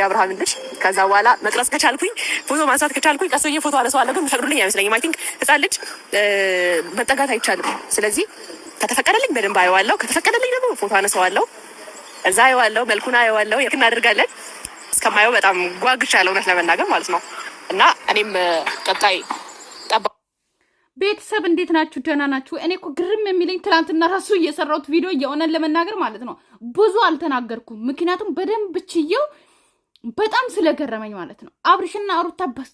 የአብርሃም ልጅ ከዛ በኋላ መቅረጽ ከቻልኩኝ ፎቶ ማንሳት ከቻልኩኝ ቀስ ብዬ ፎቶ አነሳው አለ። ግን የሚፈቅዱልኝ አይመስለኝም። አይ ቲንክ ህፃን ልጅ መጠጋት አይቻልም። ስለዚህ ከተፈቀደልኝ በደንብ አየዋለሁ። ከተፈቀደልኝ ደግሞ ፎቶ አነሳዋለሁ። እዛ አየዋለሁ፣ መልኩን አየዋለሁ። የት እናደርጋለን እስከማየው በጣም ጓጉቻለሁ፣ እውነት ለመናገር ማለት ነው። እና እኔም ቀጣይ ቤተሰብ እንዴት ናችሁ? ደህና ናችሁ? እኔ እኮ ግርም የሚለኝ ትላንትና ራሱ እየሰራሁት ቪዲዮ እየሆነን ለመናገር ማለት ነው ብዙ አልተናገርኩም፣ ምክንያቱም በደንብ ችየው በጣም ስለገረመኝ ማለት ነው። አብርሽና ሩታ በስ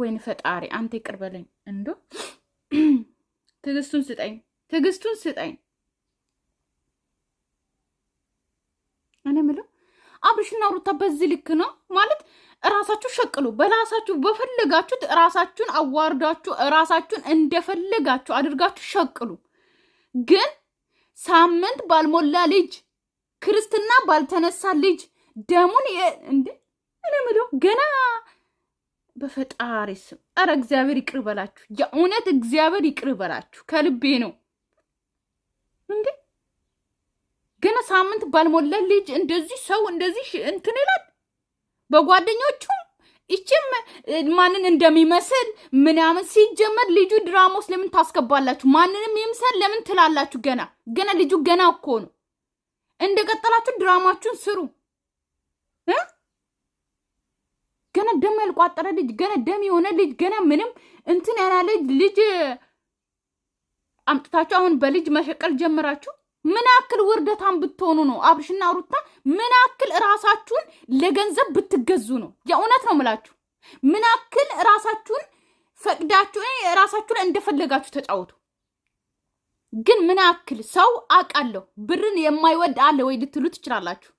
ወይን ፈጣሪ አንተ ይቅር በለኝ። እንዶ ትዕግስቱን ስጠኝ፣ ትዕግስቱን ስጠኝ። እኔ ምለው አብርሽና ሩታ በዚህ ልክ ነው ማለት እራሳችሁ ሸቅሉ፣ በራሳችሁ በፈለጋችሁት እራሳችሁን አዋርዳችሁ እራሳችሁን እንደፈለጋችሁ አድርጋችሁ ሸቅሉ። ግን ሳምንት ባልሞላ ልጅ ክርስትና ባልተነሳ ልጅ ደሙን እንዴ እኔ ምለው ገና በፈጣሪ ስም ኧረ እግዚአብሔር ይቅር በላችሁ። የእውነት እግዚአብሔር ይቅር በላችሁ። ከልቤ ነው እንዴ ገና ሳምንት ባልሞላ ልጅ እንደዚህ ሰው እንደዚህ እንትን ይላል በጓደኞቹም ይችም ማንን እንደሚመስል ምናምን። ሲጀመር ልጁ ድራማ ለምን ታስገባላችሁ? ማንንም ይምሰል ለምን ትላላችሁ? ገና ገና ልጁ ገና እኮ ነው። እንደቀጠላችሁ ድራማችሁን ስሩ። ገና ደም ያልቋጠረ ልጅ፣ ገና ደም የሆነ ልጅ፣ ገና ምንም እንትን ያና ልጅ አምጥታችሁ አሁን በልጅ መሸቀል ጀምራችሁ ምን ያክል ውርደታን ብትሆኑ ነው? አብርሽና ሩታ ምን ያክል ራሳችሁን ለገንዘብ ብትገዙ ነው? የእውነት ነው ምላችሁ። ምን ያክል ራሳችሁን ፈቅዳችሁ ራሳችሁ ላይ እንደፈለጋችሁ ተጫወቱ። ግን ምን ያክል ሰው አውቃለሁ ብርን የማይወድ አለ ወይ ልትሉ ትችላላችሁ።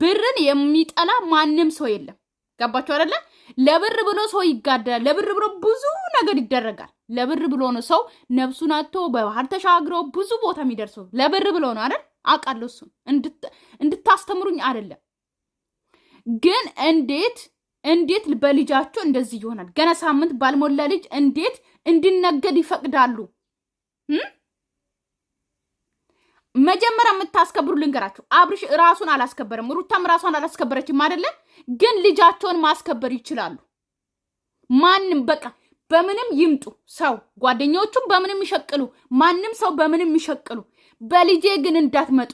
ብርን የሚጠላ ማንም ሰው የለም። ገባችሁ አይደለ? ለብር ብሎ ሰው ይጋደላል። ለብር ብሎ ብዙ ነገር ይደረጋል። ለብር ብሎ ነው ሰው ነፍሱን አጥቶ በባህር ተሻግሮ ብዙ ቦታ የሚደርሰው ለብር ብሎ ነው አይደል? አውቃለሁ። እሱን እንድታስተምሩኝ አይደለም። ግን እንዴት እንዴት በልጃቸው እንደዚህ ይሆናል? ገና ሳምንት ባልሞላ ልጅ እንዴት እንዲነገድ ይፈቅዳሉ? መጀመሪያ የምታስከብሩ ልንገራችሁ፣ አብርሽ ራሱን አላስከበረም፣ ሩታም ራሷን አላስከበረችም አይደለም። ግን ልጃቸውን ማስከበር ይችላሉ። ማንም በቃ በምንም ይምጡ ሰው ጓደኞቹም በምንም ይሸቅሉ፣ ማንም ሰው በምንም ይሸቅሉ፣ በልጄ ግን እንዳትመጡ፣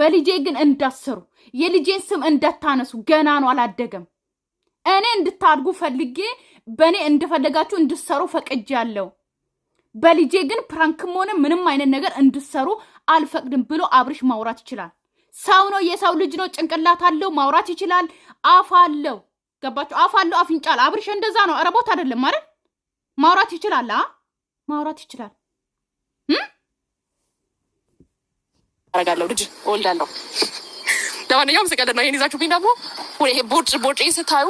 በልጄ ግን እንዳትሰሩ፣ የልጄን ስም እንዳታነሱ፣ ገና ነው አላደገም። እኔ እንድታድጉ ፈልጌ በእኔ እንደፈለጋችሁ እንድሰሩ አለው። በልጄ ግን ፕራንክም ሆነ ምንም አይነት ነገር እንድሰሩ አልፈቅድም ብሎ አብርሽ ማውራት ይችላል። ሰው ነው፣ የሰው ልጅ ነው፣ ጭንቅላት አለው፣ ማውራት ይችላል፣ አፍ አለው። ገባችሁ? አፍ አለው፣ አፍንጫል። አብርሽ እንደዛ ነው። ረቦት አይደለም ማለት ማውራት ይችላል፣ ማውራት ይችላል። አረጋለሁ ልጅ ወልዳለሁ። ለማንኛውም ስቀልድ ነው። ይህን ይዛችሁ ግን ደግሞ ቦጭ ቦጭ ስታዩ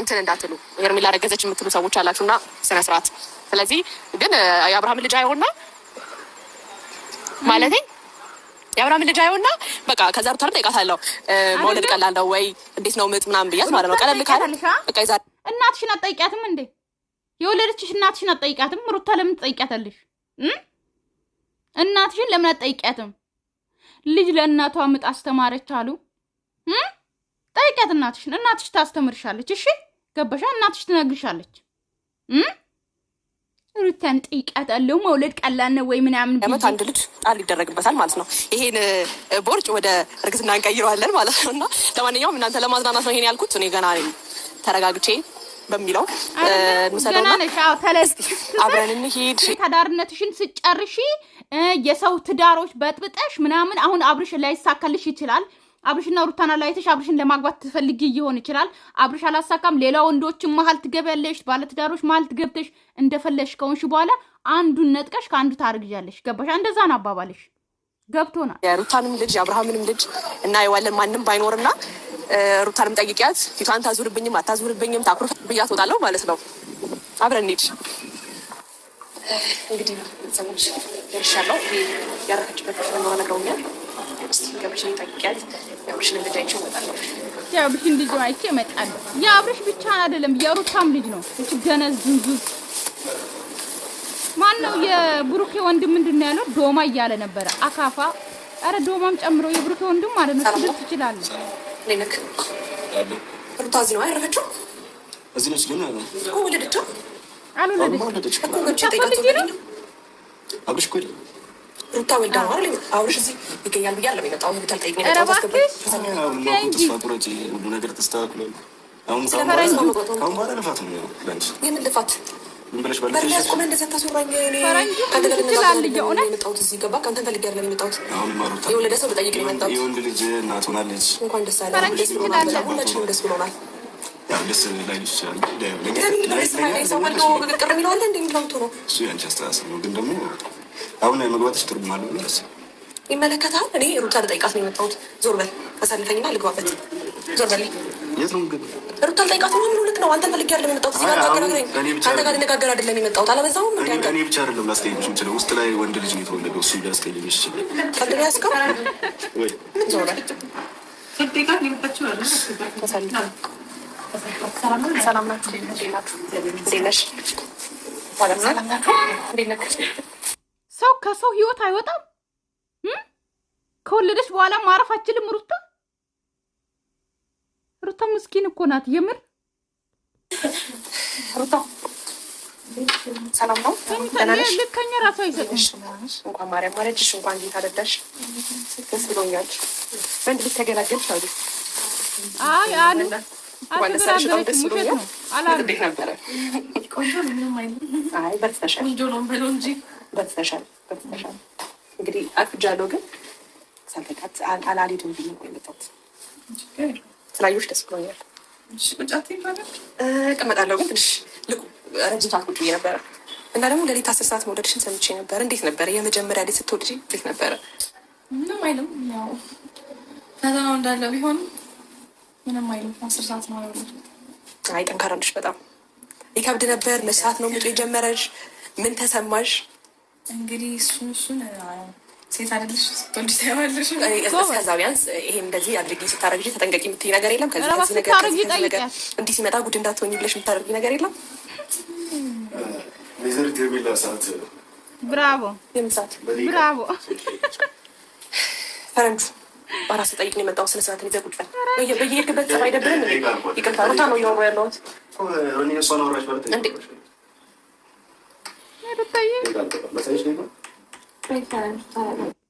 እንትን እንዳትሉ ሄርሜላ ረገዘች የምትሉ ሰዎች አላችሁ እና ስነ ስለዚህ ግን የአብርሃም ልጅ አይሆንና ማለቴ የአብርሃም ልጅ አይሆንና በቃ ከዛ ሩታር ጠይቃታለሁ መውለድ ቀላል ነው ወይ እንዴት ነው ምጥ ምናምን ብያት ማለት ነው። ቀለል ካለ በቃ ይዛ እናትሽን አትጠይቂያትም እንዴ? የወለደችሽ እናትሽን አትጠይቂያትም? ሩታ ለምን ትጠይቂያታለሽ? እናትሽን ለምን አትጠይቂያትም? ልጅ ለእናቷ ምጥ አስተማረች አሉ። ጠይቂያት እናትሽን። እናትሽ ታስተምርሻለች። እሺ ገበሻ እናትሽ ትነግርሻለች። ሩታን ጠይቂያታለሁ። መውለድ ቀላል ነው ወይ ምናምን ቢመት አንድ ልጅ ጣል ይደረግበታል ማለት ነው። ይሄን ቦርጭ ወደ እርግዝና እንቀይረዋለን ማለት ነው። እና ለማንኛውም እናንተ ለማዝናናት ነው ይሄን ያልኩት። እኔ ገና ተረጋግቼ በሚለው አብረን እንሂድ። ተዳርነትሽን ስጨርሺ የሰው ትዳሮች በጥብጠሽ ምናምን አሁን አብርሽ ላይሳካልሽ ይችላል። አብርሽና ሩታን አላይተሽ አብርሽን ለማግባት ትፈልጊ ይሆን ይችላል። አብርሽ አላሳካም፣ ሌላ ወንዶችን መሀል ትገቢያለሽ፣ ባለትዳሮች መሀል ትገብተሽ እንደፈለሽ ከሆንሽ በኋላ አንዱን ነጥቀሽ ከአንዱ ታርግዣለሽ። ገባሽ? እንደዛ ነው አባባልሽ። ገብቶናል። ሩታንም ልጅ አብርሃምንም ልጅ እናየዋለን። ማንም ባይኖርና ሩታንም ጠይቂያት፣ ፊቷን ታዙርብኝም አታዙርብኝም ታኩርፍ ብያ ትወጣለሁ ማለት ነው። አብረን እንሂድ እንግዲህ ሰዎች ደርሻለሁ። ያረፈችበት ነው ነግረውኛል። ስ ገብሽ ጠይቂያት የአብርሽን ልጅ አይቼው እመጣለሁ። የአብርሽን ልጅ አይቼ እመጣለሁ። የአብርሽ ብቻ አይደለም የሩታም ልጅ ነው። እቺ ገነዝ ዝንዙዝ ማን ነው? የብሩኬ ወንድም ምንድን ነው ያለው? ዶማ እያለ ነበረ። አካፋ አረ ዶማም ጨምሮ የብሩኬ ወንድም ማለት ነው። ትልቅ ይችላል። ለነክ ሩታ እዚህ ነው ያረፈችው። እዚህ ነው ስለሆነ እኮ ወለደችው አሉ ወለደችው እኮ ልጅ ነው አብርሽ እኮ ሩታ ወልዳ ነው አይደል? አብርሽ እዚህ ይገኛል ብዬ አለም የመጣው ሆቴል ጠይቅ ነው የመጣው ሁሉ ነገር የወለደ ሰው ልጠይቅ ነው የመጣሁት። የወንድ ልጅ እናት ሆናለች። እንኳን ደስ አለ። ሁላችንም ደስ ብሎናል። ቅር የሚለዋለ እንደሚለምቱ ነው ግን ደግሞ አሁን መግባትሽ ትርጉም አለው ብለህ ይመለከታል። እኔ ሩታ ልጠይቃት ነው የመጣሁት። ዞር በል አሳልፈኝና ልግባበት። ዞር በል። የት ነው እንግዲህ ሩታ ልጠይቃት ነው። ምን ልክ ነው። አንተን ፈልጌ አይደለም የመጣሁት። እዚህ ጋር አገናግረኝ። አንተ ጋር ልነጋገር አይደለም የመጣሁት። አላበዛሁም? እኔ ብቻ አይደለም ላስጠይቅሽ የምችለው። ውስጥ ላይ ወንድ ልጅ ነው የተወለደው። እሱ ሊያስጠይቅሽ ይችላል። ቀልድ ነው ያዝከው ወይ? ዞር በል። ሰላም ናችሁ? እንዴት ነሽ? ከሰው ህይወት አይወጣም። ከወለደች በኋላ ማረፍ አችልም። ሩታ ሩታ ምስኪን እኮ ናት። የምር ሩታ ሰላም ነው። ልከኛ ራሱ አይሰጥሽ። እንኳን ማርያም ማለችሽ፣ እንኳን ጌታ አደዳሽ። ደስ ብሎኛል። በንድ ልትገላገልሽ አሉ። አይ አሉ ነበረ ውሸት ነው። በፍተሻል በፍተሻል እንግዲህ አቅጃለሁ፣ ግን ሳልተቃት አላሊድም ብዬ የመጣሁት ስላየሁሽ ደስ ብሎኛል። እቀመጣለሁ፣ ግን ትንሽ ልቁ ረጅም ሰዓት ቁጭ ብዬ ነበረ እና ደግሞ ሌሊት አስር ሰዓት መውደድሽን ሰምቼ ነበረ። እንዴት ነበረ የመጀመሪያ ላይ ስትወድጅ? እንዴት ነበረ? ምንም አይልም፣ ያው ፈተናው እንዳለ ቢሆንም ምንም አይልም። አስር ሰዓት ነው ያወረድ። አይ ጠንካራልሽ በጣም ይከብድ ነበር። መች ነው ምጡ የጀመረሽ? ምን ተሰማሽ? እንግዲህ እሱን እሱን ሴት አይደለሽ ስትወልጂ ታይዋለሽ። እስከዛ ቢያንስ ይሄ እንደዚህ አድርጊ ስታረግጂ ተጠንቀቂ የምትይ ነገር የለም። ከዚህ ከዚህ ነገር ከዚህ ነገር እንዲህ ሲመጣ ጉድ እንዳትሆኝ ብለሽ የምታደርጊ ነገር የለም። ሜዘር ቴርሜላ ብራቮ የምሳት ብራቮ ፈረንጁ በራስ ጠይቅ ነው የመጣው። ስነ ስርዓትን ይዘህ ቁጭ በል። በየሄድክበት ጸባይ ደብረን። ይቅርታ ሩታ ነው እያወሩ ያለሁት። እሷን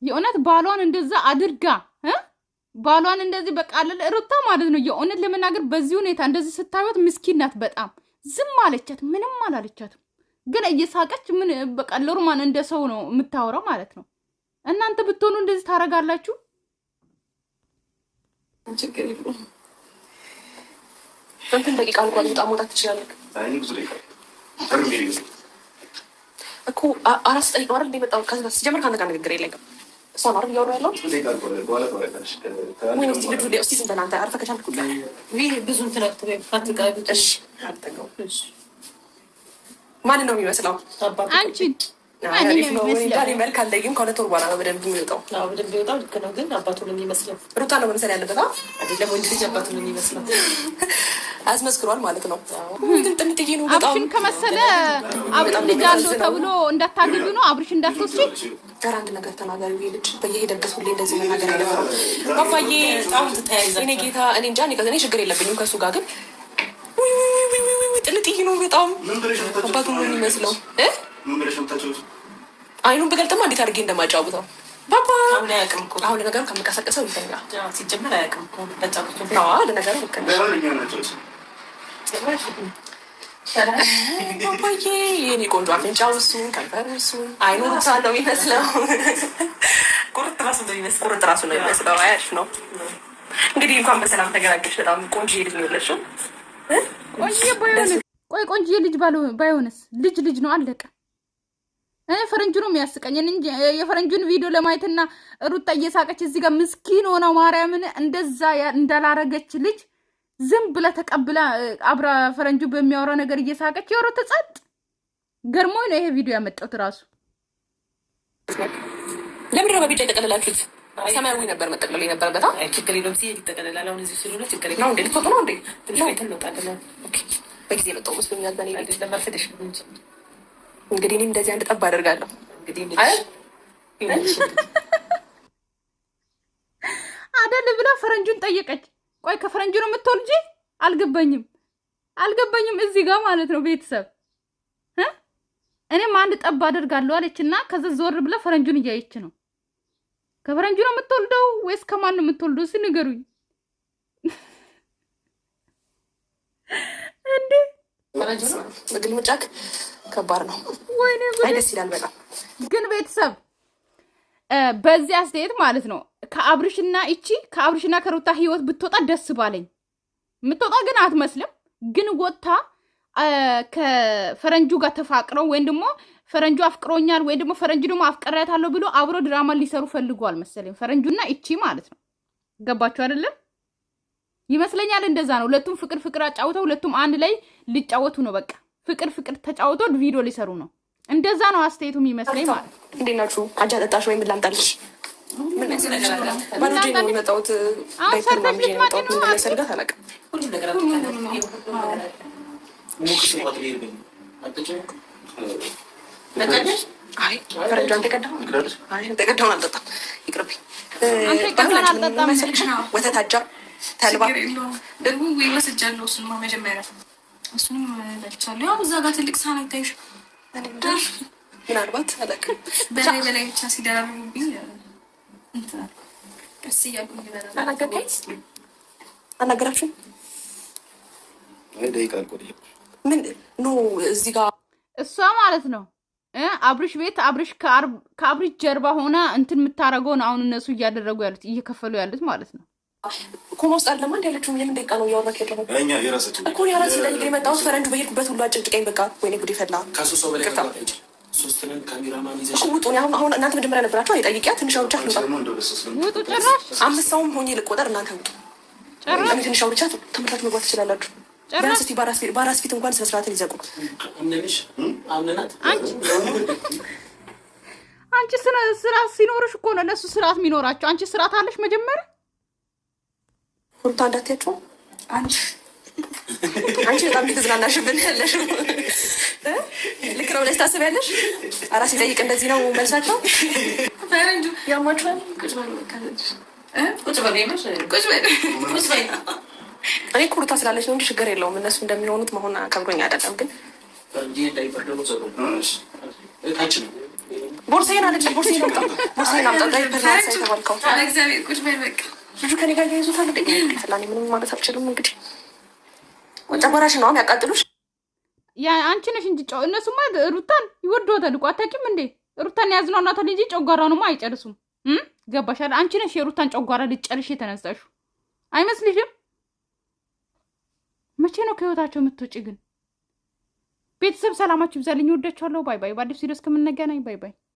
የእውነት ባሏን እንደዛ አድርጋ ባሏን እንደዚህ በቃለል ሩታ ማለት ነው። የእውነት ለመናገር በዚህ ሁኔታ እንደዚህ ስታዩት ምስኪን ናት በጣም ዝም አለቻት፣ ምንም አላለቻትም። ግን እየሳቀች ምን በቃ ለሩማን እንደ ሰው ነው የምታወራው ማለት ነው። እናንተ ብትሆኑ እንደዚህ ታደርጋላችሁ? ደቂቃ እንኳን መውጣት ትችላለህ። እኮ አራት ስጠኝ ማረ እንዲመጣ ስጀምር ከአንተ ጋር ንግግር የለኝም። እሷ ማረ እያወሩ ያለሁት ማንን ነው የሚመስለው? መልክ አለይም ከሁለት ወር በኋላ ነው በደንብ የሚወጣው። በደንብ ይወጣው። ልክ ነው ግን አባቱ ነው የሚመስለው። ሩታ ነው መምሰል ያለበት አይደለም። ወንድ ልጅ አባቱ ነው የሚመስለው። አስመስክሯል ማለት ነው። ግን ጥንጥዬ ነው አብርሽን ከመሰለ አብርሽ ልጅ አለው ተብሎ እንዳታገኙ ነው። አብርሽ እንዳትወስጂ ጋር አንድ ነገር ተናጋሪ ልጅ በየሄደበት ሁሌ እንደዚህ መናገር ያለበት ባባዬ እኔ ጌታ እኔ እንጃ እኔ ችግር የለብኝም ከእሱ ጋር ግን ጥንጥዬ ነው በጣም አባቱ ነው የሚመስለው። አይኑን ብገልጥማ እንዴት አድርጌ እንደማጫውተው አሁን ነገሩ ከምቀሰቀሰው ይተኛ ሲጀመር አያውቅም። የኔ ቆንጆ አፍንጫው እሱን ከንፈሩ እሱን አይኑ ብቻ ነው ቁርጥ ራሱ ነው የሚመስለው። ቁርጥ ራሱ ነው ይመስለው አያሽ ነው እንግዲህ። እንኳን በሰላም ተገናኘሽ። በጣም ቆንጆ ልጅ ነው የለሽም። ቆይ ቆንጆ ልጅ ባይሆንስ? ልጅ ልጅ ነው አለቀ። ፈረንጁ ነው የሚያስቀኝ እንጂ የፈረንጁን ቪዲዮ ለማየትና ሩጣ እየሳቀች እዚህ ጋር ምስኪን ሆነ ማርያምን እንደዛ እንዳላረገች ልጅ ዝም ብለ ተቀብላ አብራ ፈረንጁ በሚያወራ ነገር እየሳቀች የወረተ ጸጥ ገርሞኝ ነው ይሄ ቪዲዮ ያመጣሁት። ራሱ ለምንድን ነው በቢጫ የጠቀለላችሁት? ሰማያዊ ነበር መጠቅለል የነበረበት። ችግር የለም ሲ ይጠቀለላል። እዚህ ስሉ ችግር የለውም። እንዴ ነው እንዴ ትንሽ ቤት እንወጣለን። በጊዜ መጣው መስሎኛል። በኔ ቤት ለመርፈደሽ ነው እንጂ እንግዲህ እኔ እንደዚህ አንድ ጠብ አደርጋለሁ። አደል ብላ ፈረንጁን ጠየቀች። ቆይ ከፈረንጁ ነው የምትወልጂ? አልገባኝም አልገባኝም እዚህ ጋር ማለት ነው ቤተሰብ እኔም አንድ ጠብ አደርጋለሁ አለች እና ከዛ ዞር ብላ ፈረንጁን እያየች ነው። ከፈረንጁ ነው የምትወልደው ወይስ ከማን ነው የምትወልደው? እስኪ ንገሩኝ። ግልምጫክ ከባድ ነው። አይ ደስ ይላል በጣም ግን ቤተሰብ በዚህ አስተያየት ማለት ነው ከአብርሽና እቺ ከአብርሽና ከሩታ ህይወት ብትወጣ ደስ ባለኝ። የምትወጣ ግን አትመስልም። ግን ወጥታ ከፈረንጁ ጋር ተፋቅረው ወይም ደግሞ ፈረንጁ አፍቅሮኛል ወይም ደግሞ ፈረንጁ ደግሞ አፍቀራያታለሁ ብሎ አብሮ ድራማ ሊሰሩ ፈልጓል መሰለኝ። ፈረንጁና እቺ ማለት ነው ገባችሁ አይደለም? ይመስለኛል። እንደዛ ነው። ሁለቱም ፍቅር ፍቅር አጫውተው ሁለቱም አንድ ላይ ሊጫወቱ ነው። በቃ ፍቅር ፍቅር ተጫውቶ ቪዲዮ ሊሰሩ ነው። እንደዛ ነው አስተያየቱ የሚመስለኝ ማለት እንዴት ናችሁ? አጃ ጠጣሽ ወይም ላምጣልሽ? ወተት አጃ ተልባ ወስጃለሁ። መጀመሪያ እሱንም በልቻለሁ። ያው እዛ ጋር ትልቅ ሳህን አይታይሽ። ምናልባት አላውቅም በላይ በላይ ብቻ ቀስ እያሉ ምን ኖ እዚህ ጋር እሷ ማለት ነው አብርሽ ቤት አብርሽ ከአብርሽ ጀርባ ሆና እንትን የምታደርገውን አሁን እነሱ እያደረጉ ያሉት እየከፈሉ ያሉት ማለት ነው። ኮማ ውስጥ አለማ እንዲ ያለችው የምን ደቂቃ ነው ያለ ነው እኮ የመጣሁት በሄድኩበት ሁሉ አጨንጭቀኝ። በቃ ወይኔ ጉድ ይፈላ ውጡን። አሁን አሁን እናንተ መጀመሪያ ነበራቸው አይጠይቂያ ትንሽ አውርቻ ልውጣ። አምስት ሰውም ሆኜ ልቆጠር፣ እናንተ ውጡ። ትንሽ መግባት ትችላላችሁ። በአራስ ፊት እንኳን አንቺ ስራ ስርዓት ሲኖርሽ እኮ ነው እነሱ ስርዓት የሚኖራቸው። አንቺ ስርዓት አለሽ መጀመሪያ ሩታ እንዳትያቸው አንቺ አንቺ በጣም እየተዝናናሽብን ያለሽ ልክ ነው ብለሽ ታስቢያለሽ። አራስ ይጠይቅ እንደዚህ ነው መልሳቸው። ያሟችኋል። እኔ እኮ ስላለች ነው እንጂ ችግር የለውም። እነሱ እንደሚሆኑት መሆን ከብዶኝ አይደለም ግን ቦርሳዬን አለች ቦርሳዬን አምጣ ቦርሳዬን አምጣ ልጁ ከኔ ጋር እያይዙታል። ስላኔ ምንም ማለት አልችልም። እንግዲህ ጨጓራሽ ነው ያቃጥሉሽ። አንቺ ነሽ እንጂ እነሱማ ሩታን ይወዷታል እኮ አታውቂም እንዴ? ሩታን ያዝናናታል እንጂ ጨጓራውንማ አይጨርሱም። ገባሻል? አንቺ ነሽ የሩታን ጨጓራ ልጨርሽ የተነሳሹ አይመስልሽም? መቼ ነው ከህይወታቸው የምትወጪ ግን? ቤተሰብ ሰላማችሁ ይብዛልኝ። ወዳችኋለሁ። ባይ ባይ። በአዲስ ቪዲዮ እስከምንገናኝ ባይ ባይ።